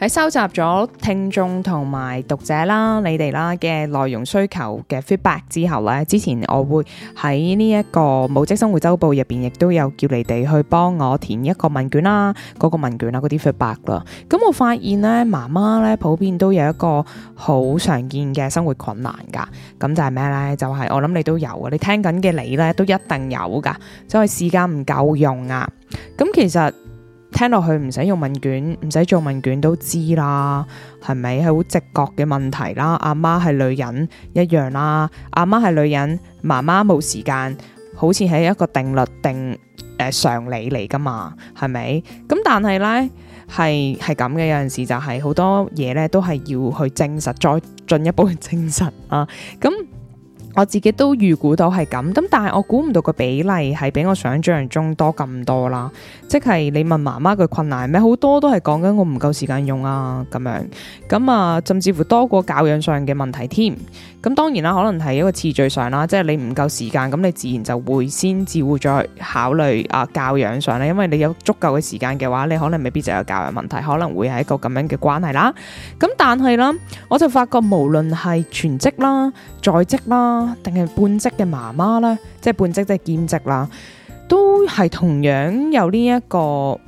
喺收集咗聽眾同埋讀者啦，你哋啦嘅內容需求嘅 feedback 之後咧，之前我會喺呢一個母職生活週報入邊，亦都有叫你哋去幫我填一個問卷啦，嗰個問卷啦，嗰啲 feedback 啦。咁我發現咧，媽媽咧普遍都有一個好常見嘅生活困難噶，咁就係咩咧？就係我諗你都有啊，你聽緊嘅你咧都一定有噶，就係時間唔夠用啊。咁其實。聽落去唔使用問卷，唔使做問卷都知啦，係咪？係好直覺嘅問題啦。阿媽係女人一樣啦，阿媽係女人，媽媽冇時間，好似係一個定律定呃常理嚟噶嘛，係咪？咁但係呢，係係咁嘅，有陣時就係好多嘢，呢，都係要去證實，再進一步去證實啊。咁。我自己都預估到係咁，咁但係我估唔到個比例係比我想象中多咁多啦。即係你問媽媽嘅困難咩？好多都係講緊我唔夠時間用啊咁樣。咁啊，甚至乎多過教養上嘅問題添。咁當然啦，可能係一個次序上啦，即係你唔夠時間，咁你自然就會先至會再考慮啊、呃、教養上咧。因為你有足夠嘅時間嘅話，你可能未必就有教養問題，可能會係一個咁樣嘅關係啦。咁但係啦，我就發覺無論係全職啦，在職啦，定係半職嘅媽媽咧，即係半職即係兼職啦，都係同樣有呢一個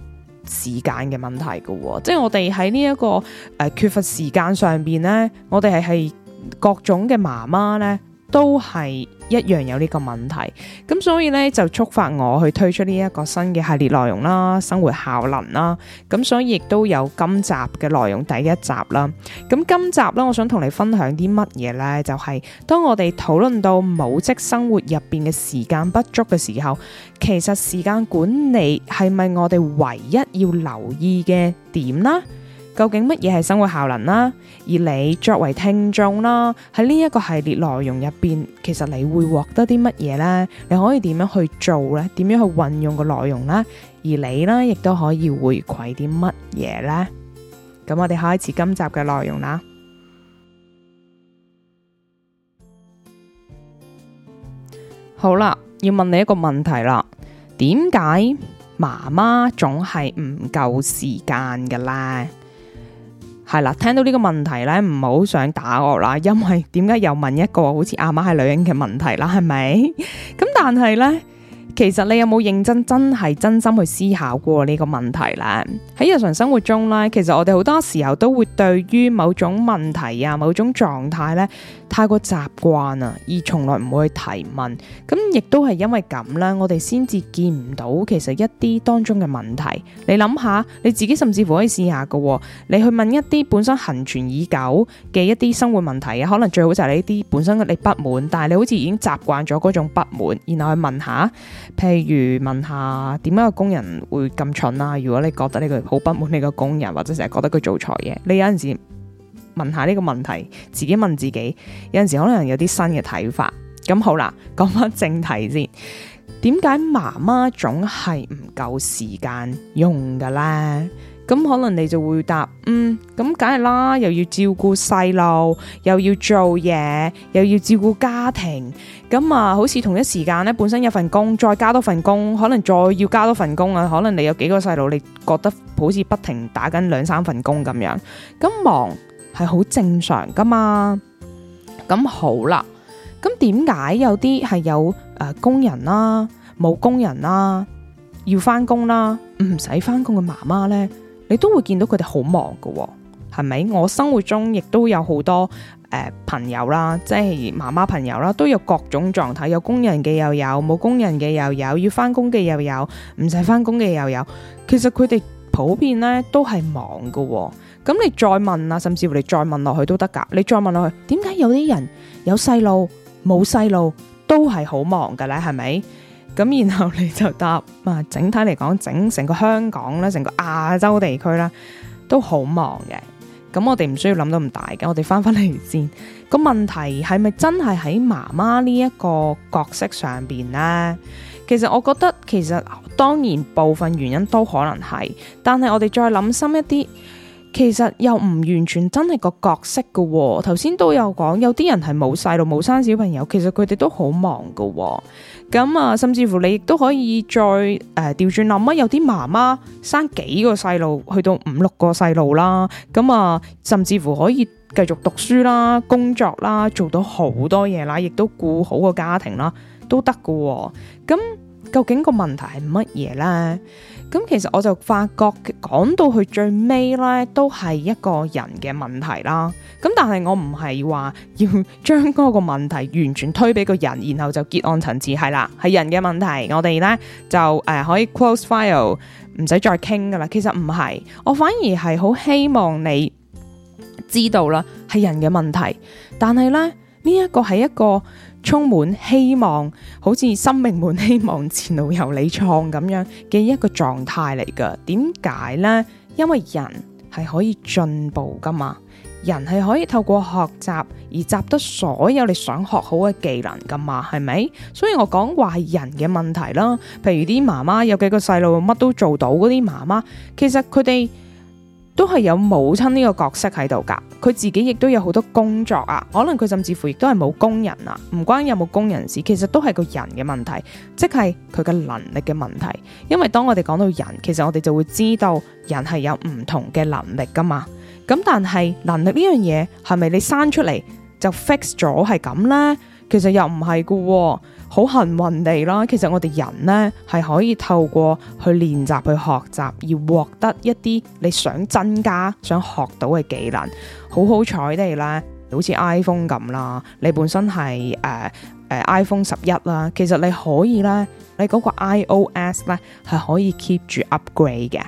時間嘅問題嘅，喔，即係我哋喺呢一個誒、呃、缺乏時間上邊咧，我哋係係各種嘅媽媽咧。都係一樣有呢個問題，咁所以呢，就觸發我去推出呢一個新嘅系列內容啦，生活效能啦，咁所以亦都有今集嘅內容第一集啦，咁今集呢，我想同你分享啲乜嘢呢？就係當我哋討論到母職生活入邊嘅時間不足嘅時候，其實時間管理係咪我哋唯一要留意嘅點啦？究竟乜嘢係生活效能啦？而你作為聽眾啦，喺呢一個系列內容入邊，其實你會獲得啲乜嘢呢？你可以點樣去做呢？點樣去運用個內容呢？而你呢，亦都可以回饋啲乜嘢呢？咁我哋開始今集嘅內容啦。好啦，要問你一個問題啦，點解媽媽總係唔夠時間噶啦？係啦，聽到呢個問題呢，唔係好想打我啦，因為點解又問一個好似阿媽係女人嘅問題啦？係咪？咁 但係呢。其實你有冇認真真係真心去思考過呢個問題呢？喺日常生活中呢，其實我哋好多時候都會對於某種問題啊、某種狀態呢太過習慣啊，而從來唔會去提問。咁亦都係因為咁咧，我哋先至見唔到其實一啲當中嘅問題。你諗下，你自己甚至乎可以試下噶喎，你去問一啲本身恆存已久嘅一啲生活問題啊，可能最好就係呢啲本身你不滿，但係你好似已經習慣咗嗰種不滿，然後去問下。譬如問下點解個工人會咁蠢啊？如果你覺得呢個好不滿你個工人，或者成日覺得佢做錯嘢，你有陣時問下呢個問題，自己問自己，有陣時可能有啲新嘅睇法。咁好啦，講翻正題先，點解媽媽總係唔夠時間用噶咧？咁可能你就回答，嗯，咁梗係啦，又要照顧細路，又要做嘢，又要照顧家庭。咁啊，好似同一時間咧，本身有份工，再加多份工，可能再要加多份工啊。可能你有幾個細路，你覺得好似不停打緊兩三份工咁樣，咁忙係好正常噶嘛。咁好啦，咁點解有啲係有誒、呃、工人啦、啊，冇工人啦、啊，要翻工啦，唔使翻工嘅媽媽咧？你都會見到佢哋好忙噶喎，係咪？我生活中亦都有好多誒、呃、朋友啦，即係媽媽朋友啦，都有各種狀態，有工人嘅又有，冇工人嘅又有，要返工嘅又有，唔使返工嘅又有。其實佢哋普遍咧都係忙噶喎。咁你再問啊，甚至乎你再問落去都得噶。你再問落去，點解有啲人有細路冇細路都係好忙噶咧？係咪？咁然後你就答啊，整體嚟講，整成個香港咧，成個亞洲地區啦，都好忙嘅。咁我哋唔需要諗到咁大嘅，我哋翻返嚟先。個問題係咪真係喺媽媽呢一個角色上邊呢？其實我覺得，其實當然部分原因都可能係，但係我哋再諗深一啲。其實又唔完全真係個角色噶喎，頭先都有講，有啲人係冇細路冇生小朋友，其實佢哋都好忙噶喎。咁啊，甚至乎你亦都可以再誒調轉諗啊，有啲媽媽生幾個細路，去到五六個細路啦。咁啊，甚至乎可以繼續讀書啦、工作啦、做到好多嘢啦，亦都顧好個家庭啦，都得噶喎。咁究竟個問題係乜嘢呢？咁其實我就發覺講到去最尾咧，都係一個人嘅問題啦。咁但係我唔係話要將嗰個問題完全推俾個人，然後就結案層次係啦，係人嘅問題。我哋咧就誒、uh, 可以 close file，唔使再傾㗎喇。其實唔係，我反而係好希望你知道啦，係人嘅問題。但係咧，呢一個係一個。充滿希望，好似生命滿希望，前路由你創咁樣嘅一個狀態嚟噶。點解呢？因為人係可以進步噶嘛，人係可以透過學習而習得所有你想學好嘅技能噶嘛，係咪？所以我講話係人嘅問題啦，譬如啲媽媽有幾個細路乜都做到嗰啲媽媽，其實佢哋。都係有母親呢個角色喺度噶，佢自己亦都有好多工作啊，可能佢甚至乎亦都係冇工人啊，唔關有冇工人事，其實都係個人嘅問題，即係佢嘅能力嘅問題。因為當我哋講到人，其實我哋就會知道人係有唔同嘅能力噶嘛。咁但係能力呢樣嘢係咪你生出嚟就 fix 咗係咁呢？其實又唔係噶喎。好幸運地啦，其實我哋人呢係可以透過去練習、去學習而獲得一啲你想增加、想學到嘅技能。好好彩地啦，好似 iPhone 咁啦，你本身係誒誒 iPhone 十一啦，其實你可以呢，你嗰個 iOS 呢係可以 keep 住 upgrade 嘅。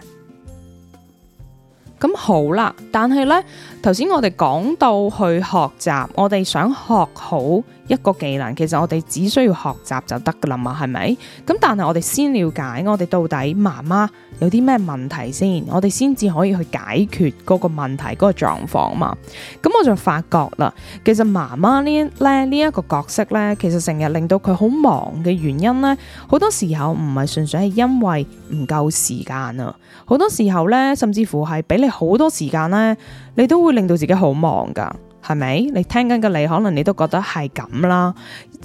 咁好啦，但係呢頭先我哋講到去學習，我哋想學好一個技能，其實我哋只需要學習就得㗎喇嘛，係咪？咁但係我哋先了解，我哋到底媽媽。有啲咩問題先，我哋先至可以去解決嗰個問題嗰、嗰個狀況嘛。咁我就發覺啦，其實媽媽一呢一咧呢一個角色咧，其實成日令到佢好忙嘅原因咧，好多時候唔係純粹係因為唔夠時間啊。好多時候咧，甚至乎係俾你好多時間咧，你都會令到自己好忙噶。係咪？你聽緊嘅你，可能你都覺得係咁啦。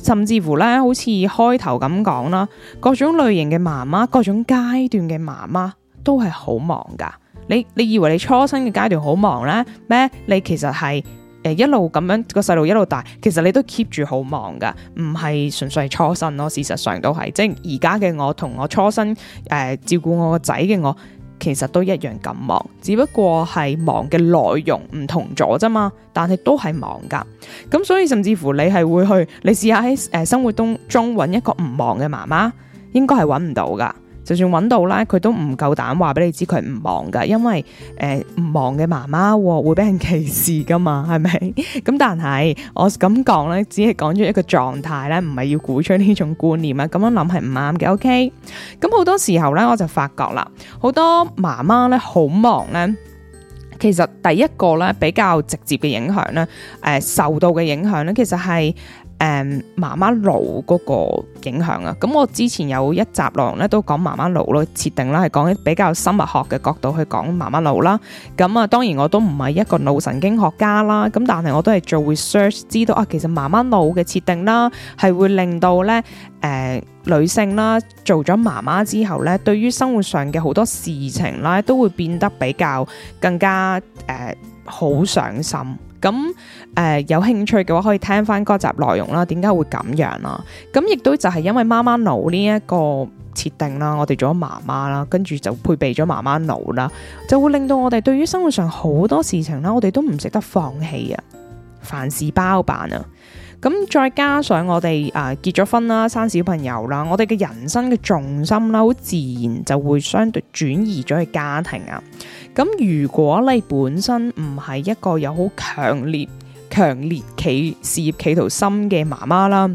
甚至乎咧，好似開頭咁講啦，各種類型嘅媽媽，各種階段嘅媽媽，都係好忙噶。你你以為你初生嘅階段好忙咧咩？你其實係誒、呃、一路咁樣個細路一路大，其實你都 keep 住好忙噶，唔係純粹係初生咯。事實上都係，即係而家嘅我同我初生誒、呃、照顧我個仔嘅我。其實都一樣咁忙，只不過係忙嘅內容唔同咗啫嘛，但係都係忙噶。咁所以甚至乎你係會去，你試下喺誒生活當中揾一個唔忙嘅媽媽，應該係揾唔到噶。就算揾到啦，佢都唔夠膽話俾你知佢唔忙噶，因為誒唔、呃、忙嘅媽媽會俾人歧視噶嘛，係咪？咁 但係我咁講呢，只係講咗一個狀態咧，唔係要鼓吹呢種觀念啊。咁樣諗係唔啱嘅，OK？咁好多時候呢，我就發覺啦，好多媽媽呢，好忙呢。其實第一個呢，比較直接嘅影響呢，誒、呃、受到嘅影響呢，其實係。誒，媽媽腦嗰個影響啊！咁、嗯、我之前有一集內容，咧都講媽媽腦咯設定啦，係講比較生物學嘅角度去講媽媽腦啦。咁、嗯、啊，當然我都唔係一個腦神經學家啦。咁但係我都係做 research，知道啊，其實媽媽腦嘅設定啦，係會令到咧誒、呃、女性啦做咗媽媽之後咧，對於生活上嘅好多事情咧，都會變得比較更加誒好、呃、上心。咁誒、呃、有興趣嘅話，可以聽翻嗰集內容啦。點解會咁樣啦、啊？咁亦都就係因為媽媽腦呢一個設定啦。我哋做咗媽媽啦，跟住就配備咗媽媽腦啦，就會令到我哋對於生活上好多事情啦，我哋都唔值得放棄啊，凡事包辦啊。咁再加上我哋啊、呃，結咗婚啦，生小朋友啦，我哋嘅人生嘅重心啦，好自然就會相對轉移咗去家庭啊。咁如果你本身唔係一個有好強烈、強烈企事業企圖心嘅媽媽啦，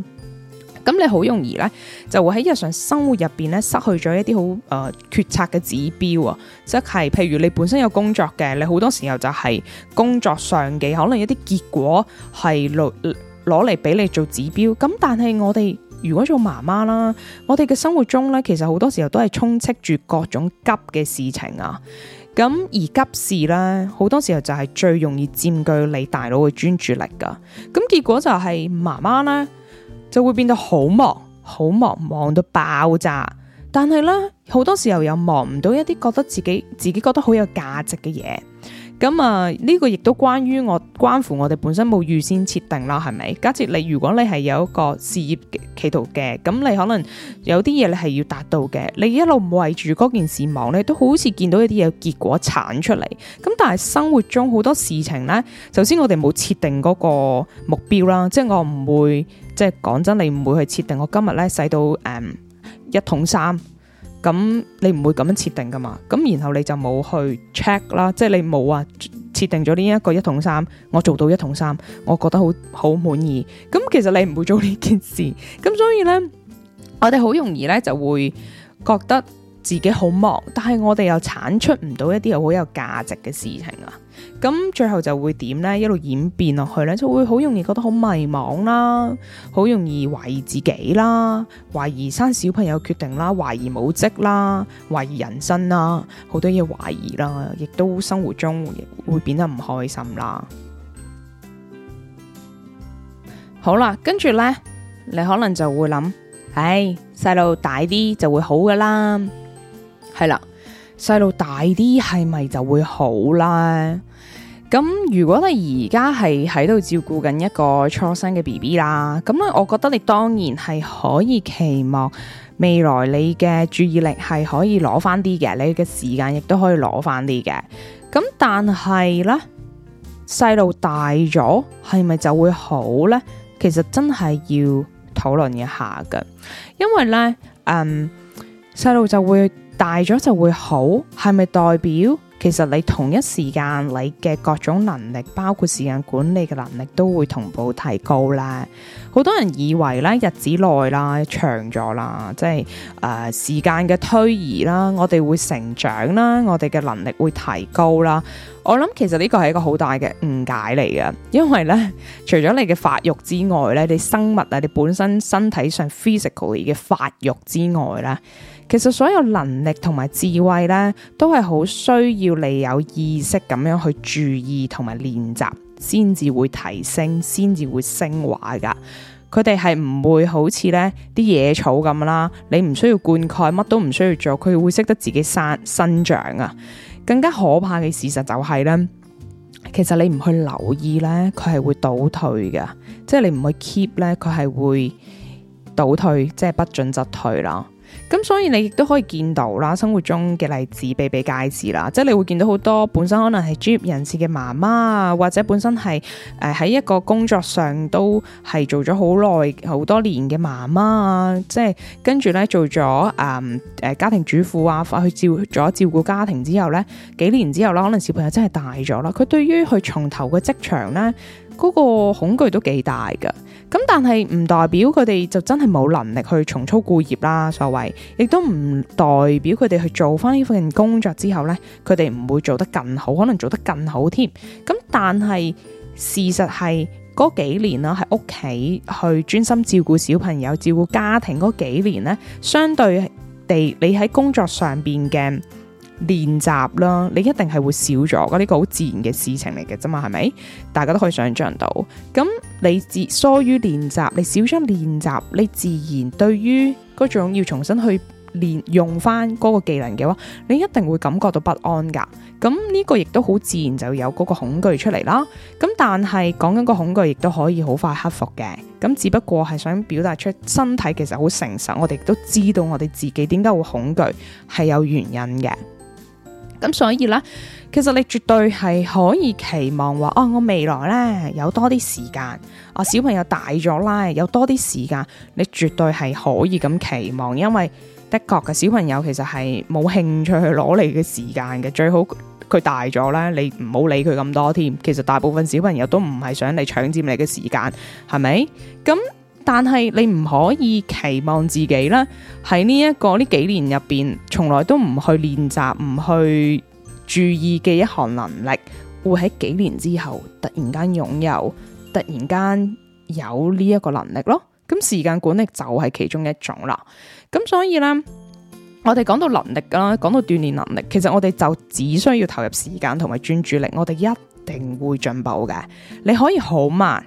咁你好容易呢就會喺日常生活入邊呢失去咗一啲好誒決策嘅指標啊，即係譬如你本身有工作嘅，你好多時候就係工作上嘅，可能一啲結果係錄。呃攞嚟俾你做指標，咁但係我哋如果做媽媽啦，我哋嘅生活中呢，其實好多時候都係充斥住各種急嘅事情啊，咁而急事呢，好多時候就係最容易佔據你大腦嘅專注力噶，咁結果就係媽媽呢，就會變得好忙，好忙忙到爆炸，但係呢，好多時候又忙唔到一啲覺得自己自己覺得好有價值嘅嘢。咁啊，呢、嗯，這個亦都關於我關乎我哋本身冇預先設定啦，係咪？假設你如果你係有一個事業嘅企圖嘅，咁你可能有啲嘢你係要達到嘅，你一路唔為住嗰件事忙咧，都好似見到一啲嘢結果產出嚟。咁但係生活中好多事情呢，首先我哋冇設定嗰個目標啦，即係我唔會，即係講真，你唔會去設定我今日呢，洗到誒一桶衫。咁你唔會咁樣設定噶嘛？咁然後你就冇去 check 啦，即係你冇話設定咗呢一個一桶三，我做到一桶三，我覺得好好滿意。咁其實你唔會做呢件事，咁所以呢，我哋好容易呢就會覺得。自己好忙，但係我哋又產出唔到一啲好有價值嘅事情啊！咁最後就會點呢？一路演變落去呢，就會好容易覺得好迷茫啦，好容易懷疑自己啦，懷疑生小朋友決定啦，懷疑母職啦，懷疑人生啦，好多嘢懷疑啦，亦都生活中會，會變得唔開心啦。好啦，跟住呢，你可能就會諗：唉、哎，細路大啲就會好噶啦。係啦，細路大啲係咪就會好咧？咁如果你而家係喺度照顧緊一個初生嘅 BB 啦，咁咧，我覺得你當然係可以期望未來你嘅注意力係可以攞翻啲嘅，你嘅時間亦都可以攞翻啲嘅。咁但係咧，細路大咗係咪就會好咧？其實真係要討論一下㗎，因為咧，嗯，細路就會。大咗就會好，係咪代表其實你同一時間你嘅各種能力，包括時間管理嘅能力都會同步提高咧？好多人以為咧，日子耐啦，長咗啦，即係誒、呃、時間嘅推移啦，我哋會成長啦，我哋嘅能力會提高啦。我諗其實呢個係一個好大嘅誤解嚟嘅，因為咧，除咗你嘅發育之外咧，你生物啊，你本身身體上 physically 嘅發育之外咧。其實所有能力同埋智慧咧，都係好需要你有意識咁樣去注意同埋練習，先至會提升，先至會升華噶。佢哋係唔會好似咧啲野草咁啦，你唔需要灌溉，乜都唔需要做，佢會識得自己生生長啊。更加可怕嘅事實就係咧，其實你唔去留意咧，佢係會倒退噶，即係你唔去 keep 咧，佢係會倒退，即係不進則退啦。咁、嗯、所以你亦都可以見到啦，生活中嘅例子比比皆是啦，即係你會見到好多本身可能係專業人士嘅媽媽啊，或者本身係誒喺一個工作上都係做咗好耐、好多年嘅媽媽啊，即係跟住呢做咗誒誒家庭主婦啊，去照咗照顧家庭之後呢，幾年之後啦，可能小朋友真係大咗啦，佢對於佢從頭嘅職場呢，嗰個恐懼都幾大㗎，咁但係唔代表佢哋就真係冇能力去重操舊業啦，所謂亦都唔代表佢哋去做返呢份工作之後呢，佢哋唔會做得更好，可能做得更好添。咁但係事實係嗰幾年啦，喺屋企去專心照顧小朋友、照顧家庭嗰幾年呢，相對地你喺工作上邊嘅。練習啦，你一定係會少咗，呢個好自然嘅事情嚟嘅啫嘛，係咪？大家都可以想象到。咁你自疏於練習，你少咗練習，你自然對於嗰種要重新去練用翻嗰個技能嘅話，你一定會感覺到不安噶。咁呢個亦都好自然，就有嗰個恐懼出嚟啦。咁但係講緊個恐懼，亦都可以好快克服嘅。咁只不過係想表達出身體其實好誠實，我哋都知道我哋自己點解會恐懼，係有原因嘅。咁所以咧，其實你絕對係可以期望話，哦，我未來咧有多啲時間，啊、哦，小朋友大咗啦，有多啲時間，你絕對係可以咁期望，因為的確嘅小朋友其實係冇興趣去攞你嘅時間嘅，最好佢大咗啦，你唔好理佢咁多添。其實大部分小朋友都唔係想你搶佔你嘅時間，係咪？咁。但係你唔可以期望自己咧，喺呢一個呢幾年入邊從來都唔去練習唔去注意嘅一項能力，會喺幾年之後突然間擁有，突然間有呢一個能力咯。咁時間管理就係其中一種啦。咁所以呢，我哋講到能力啦，講到鍛煉能力，其實我哋就只需要投入時間同埋專注力，我哋一定會進步嘅。你可以好慢，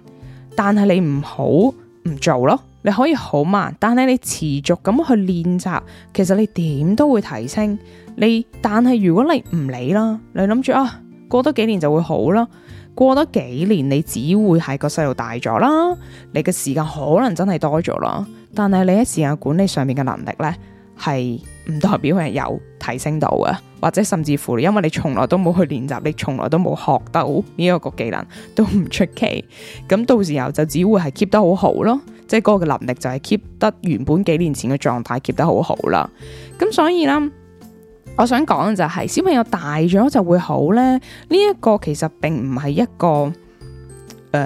但係你唔好。唔做咯，你可以好慢，但係你持續咁去練習，其實你點都會提升。你但係如果你唔理啦，你諗住啊，過多幾年就會好啦。過多幾年你只會係個細路大咗啦，你嘅時間可能真係多咗啦，但係你喺時間管理上面嘅能力呢，係。唔代表係有提升到啊，或者甚至乎，因為你從來都冇去練習，你從來都冇學到呢一個技能，都唔出奇。咁到時候就只會係 keep 得好好咯，即係嗰個能力就係 keep 得原本幾年前嘅狀態 keep 得好好啦。咁所以啦，我想講就係小朋友大咗就會好咧，呢一個其實並唔係一個。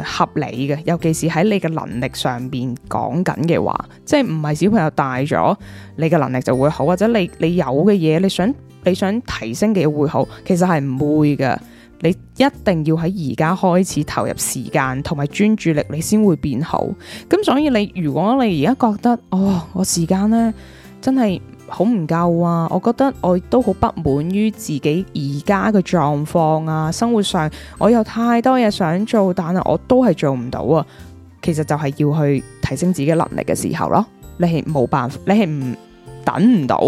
合理嘅，尤其是喺你嘅能力上面講緊嘅話，即係唔係小朋友大咗，你嘅能力就會好，或者你你有嘅嘢，你想你想提升嘅嘢會好，其實係唔會嘅。你一定要喺而家開始投入時間同埋專注力，你先會變好。咁所以你如果你而家覺得哦，我時間呢真係。好唔夠啊！我覺得我都好不滿於自己而家嘅狀況啊！生活上我有太多嘢想做，但係我都係做唔到啊！其實就係要去提升自己能力嘅時候咯。你係冇辦法，你係唔等唔到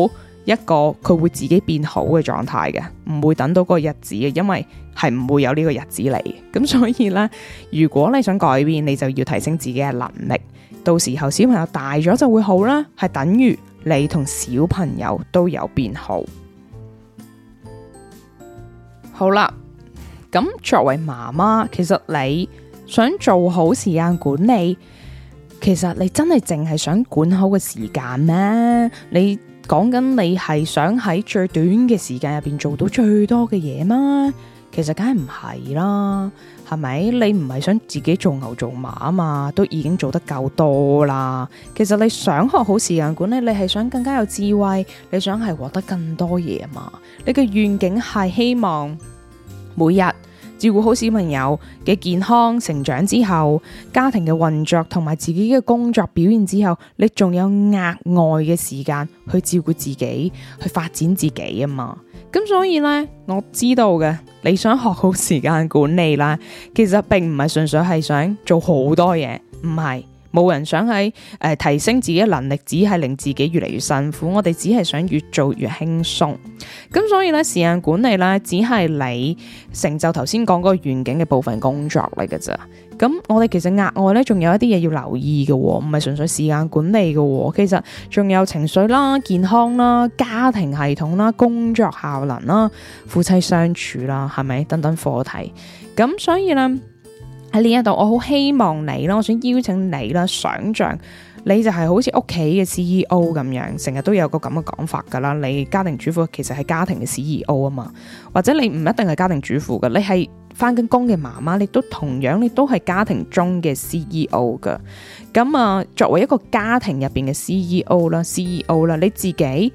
一個佢會自己變好嘅狀態嘅，唔會等到嗰個日子嘅，因為係唔會有呢個日子嚟。咁所以呢，如果你想改變，你就要提升自己嘅能力。到時候小朋友大咗就會好啦，係等於。你同小朋友都有變好，好啦。咁作為媽媽，其實你想做好時間管理，其實你真係淨係想管好個時間咩？你講緊你係想喺最短嘅時間入邊做到最多嘅嘢嗎？其實梗係唔係啦，係咪？你唔係想自己做牛做馬啊嘛，都已經做得夠多啦。其實你想學好時間管理，你係想更加有智慧，你想係獲得更多嘢嘛。你嘅願景係希望每日照顧好小朋友嘅健康成長之後，家庭嘅運作同埋自己嘅工作表現之後，你仲有額外嘅時間去照顧自己，去發展自己啊嘛。咁所以呢，我知道嘅。你想學好時間管理啦，其實並唔係純粹係想做好多嘢，唔係。冇人想喺誒、呃、提升自己嘅能力，只係令自己越嚟越辛苦。我哋只係想越做越輕鬆。咁所以咧，時間管理咧，只係你成就頭先講嗰個遠景嘅部分工作嚟嘅咋。咁我哋其實額外咧，仲有一啲嘢要留意嘅喎，唔係純粹時間管理嘅喎。其實仲有情緒啦、健康啦、家庭系統啦、工作效能啦、夫妻相處啦，係咪等等課題？咁所以咧。喺呢一度，我好希望你啦，我想邀請你啦，想象，你就係好似屋企嘅 CEO 咁樣，成日都有個咁嘅講法噶啦。你家庭主婦其實係家庭嘅 CEO 啊嘛，或者你唔一定係家庭主婦嘅，你係翻緊工嘅媽媽，你都同樣你都係家庭中嘅 CEO 噶。咁啊，作為一個家庭入邊嘅 CEO 啦，CEO 啦，你自己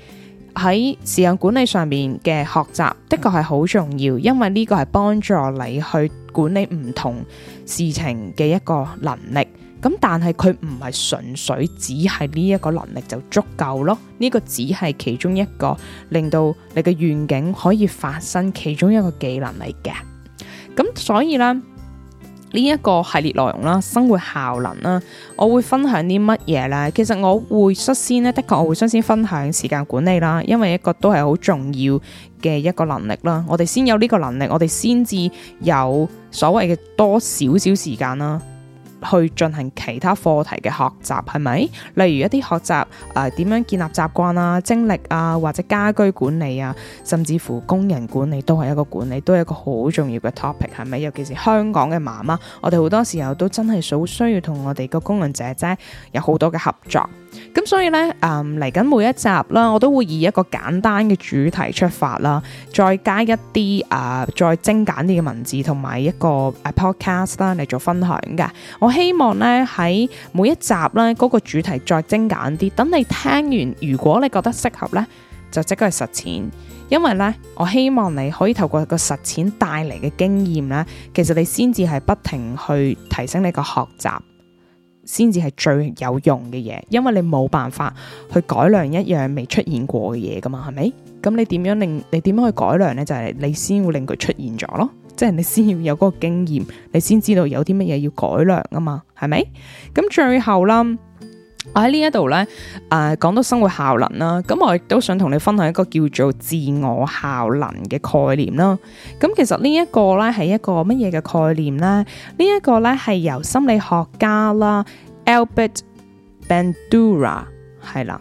喺時間管理上面嘅學習的確係好重要，因為呢個係幫助你去。管理唔同事情嘅一個能力，咁但係佢唔係純粹只係呢一個能力就足夠咯。呢個只係其中一個令到你嘅願景可以發生其中一個技能嚟嘅，咁所以呢。呢一個系列內容啦，生活效能啦，我會分享啲乜嘢呢？其實我會率先，呢的確我會率先分享時間管理啦，因為一個都係好重要嘅一個能力啦。我哋先有呢個能力，我哋先至有，有所謂嘅多少少時間啦。去進行其他課題嘅學習係咪？例如一啲學習誒、呃、點樣建立習慣啊、精力啊，或者家居管理啊，甚至乎工人管理都係一個管理，都係一個好重要嘅 topic 係咪？尤其是香港嘅媽媽，我哋好多時候都真係好需要同我哋個工人姐姐有好多嘅合作。咁所以呢，嗯，嚟緊每一集啦，我都會以一個簡單嘅主題出發啦，再加一啲誒、呃、再精簡啲嘅文字同埋一個 podcast 啦嚟做分享嘅。我希望咧喺每一集咧嗰個主題再精簡啲，等你聽完，如果你覺得適合咧，就即刻去實踐。因為咧，我希望你可以透過個實踐帶嚟嘅經驗咧，其實你先至係不停去提升你個學習。先至係最有用嘅嘢，因為你冇辦法去改良一樣未出現過嘅嘢噶嘛，係咪？咁你點樣令你點樣去改良呢？就係你先會令佢出現咗咯，即係你先要有嗰個經驗，你先知道有啲乜嘢要改良啊嘛，係咪？咁最後啦。我喺呢一度咧，誒、呃、講到生活效能啦，咁我亦都想同你分享一個叫做自我效能嘅概念啦。咁其實呢一個咧係一個乜嘢嘅概念咧？這個、呢一個咧係由心理學家啦 Albert Bandura 係啦。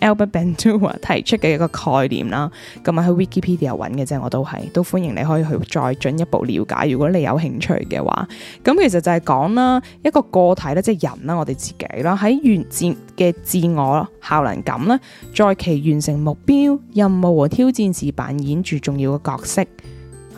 Albert Bandura 提出嘅一個概念啦，咁埋喺 Wikipedia 揾嘅啫，我都係，都歡迎你可以去再進一步了解，如果你有興趣嘅話。咁其實就係講啦，一個個體咧，即係人啦，我哋自己啦，喺原自嘅自我效能感啦，在其完成目標、任務和挑戰時扮演住重要嘅角色。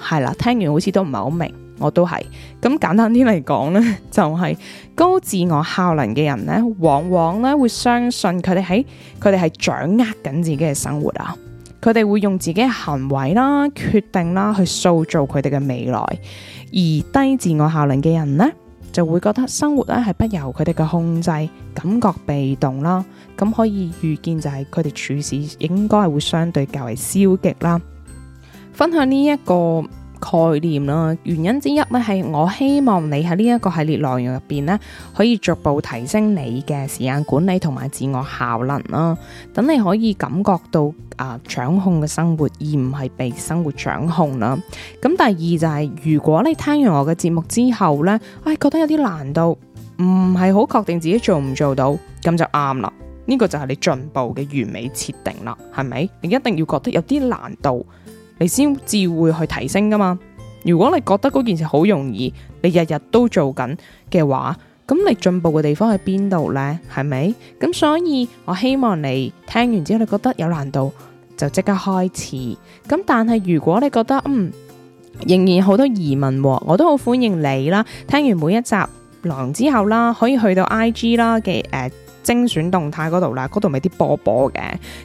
係啦，聽完好似都唔係好明。我都係咁簡單啲嚟講呢，就係高自我效能嘅人呢，往往呢會相信佢哋喺佢哋係掌握緊自己嘅生活啊，佢哋會用自己嘅行為啦、決定啦去塑造佢哋嘅未來。而低自我效能嘅人呢，就會覺得生活咧，係不由佢哋嘅控制，感覺被動啦。咁可以預見就係佢哋處事應該係會相對較為消極啦。分享呢一個。概念啦，原因之一咧係我希望你喺呢一個系列內容入邊呢，可以逐步提升你嘅時間管理同埋自我效能啦，等你可以感覺到啊、呃、掌控嘅生活，而唔係被生活掌控啦。咁、嗯、第二就係、是，如果你聽完我嘅節目之後呢，唉、哎、覺得有啲難度，唔係好確定自己做唔做到，咁就啱啦。呢、這個就係你進步嘅完美設定啦，係咪？你一定要覺得有啲難度。你先至會去提升㗎嘛？如果你覺得嗰件事好容易，你日日都做緊嘅話，咁你進步嘅地方喺邊度呢？係咪？咁所以我希望你聽完之後，你覺得有難度就即刻開始。咁但係如果你覺得嗯仍然好多疑問，啊，我都好歡迎你啦。聽完每一集狼之後啦，可以去到 IG 啦嘅誒、呃、精選動態嗰度啦，嗰度咪啲波波嘅。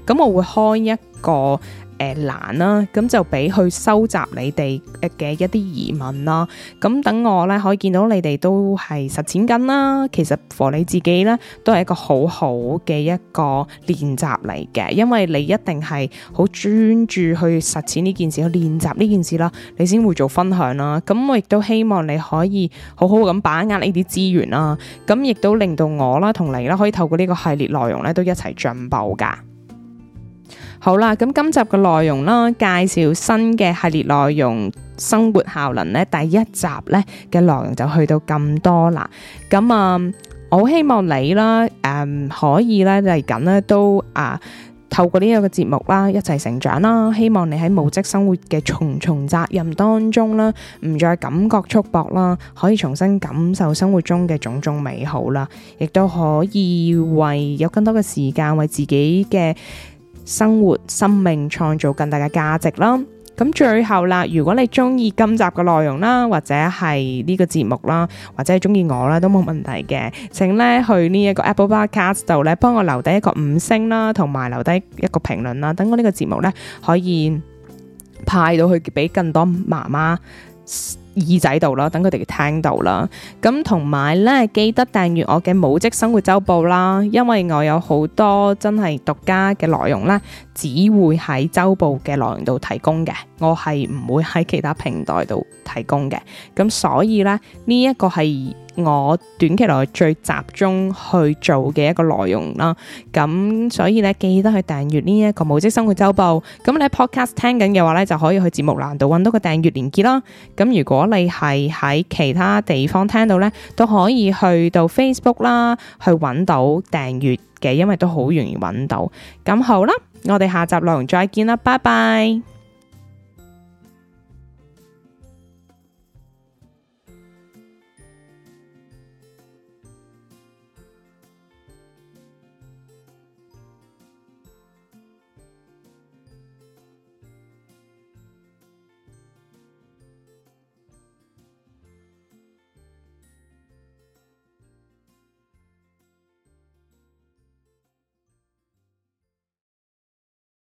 咁我會開一個。誒難啦，咁、呃啊、就俾佢收集你哋嘅一啲疑問啦，咁等我咧可以見到你哋都係實踐緊啦。其實和你自己咧都係一個好好嘅一個練習嚟嘅，因為你一定係好專注去實踐呢件事、去練習呢件事啦，你先會做分享啦。咁我亦都希望你可以好好咁把握呢啲資源啦，咁亦都令到我啦、同你啦可以透過呢個系列內容咧都一齊進步噶。好啦，咁今集嘅內容啦，介紹新嘅系列內容，生活效能呢，第一集呢嘅內容就去到咁多啦。咁、嗯、啊，我希望你啦，誒、嗯，可以咧嚟緊呢都啊，透過呢一個節目啦，一齊成長啦。希望你喺母職生活嘅重重責任當中啦，唔再感覺束縛啦，可以重新感受生活中嘅種種美好啦，亦都可以為有更多嘅時間為自己嘅。生活、生命，創造更大嘅價值啦。咁最後啦，如果你中意今集嘅內容啦，或者係呢個節目啦，或者係中意我啦，都冇問題嘅。請咧去呢一個 Apple Podcast 度咧，幫我留低一個五星啦，同埋留低一個評論啦，等我呢個節目咧可以派到去俾更多媽媽。耳仔度啦，等佢哋聽到啦。咁同埋咧，記得訂閱我嘅母職生活週報啦，因為我有好多真係獨家嘅內容啦，只會喺週報嘅內容度提供嘅，我係唔會喺其他平台度提供嘅。咁所以咧，呢一個係。我短期內最集中去做嘅一個內容啦，咁所以咧，記得去訂閱呢一個《母職生活週報》。咁你喺 Podcast 聽緊嘅話咧，就可以去節目欄度搵到個訂閱連結啦。咁如果你係喺其他地方聽到咧，都可以去到 Facebook 啦，去搵到訂閱嘅，因為都好容易搵到。咁好啦，我哋下集內容再見啦，拜拜。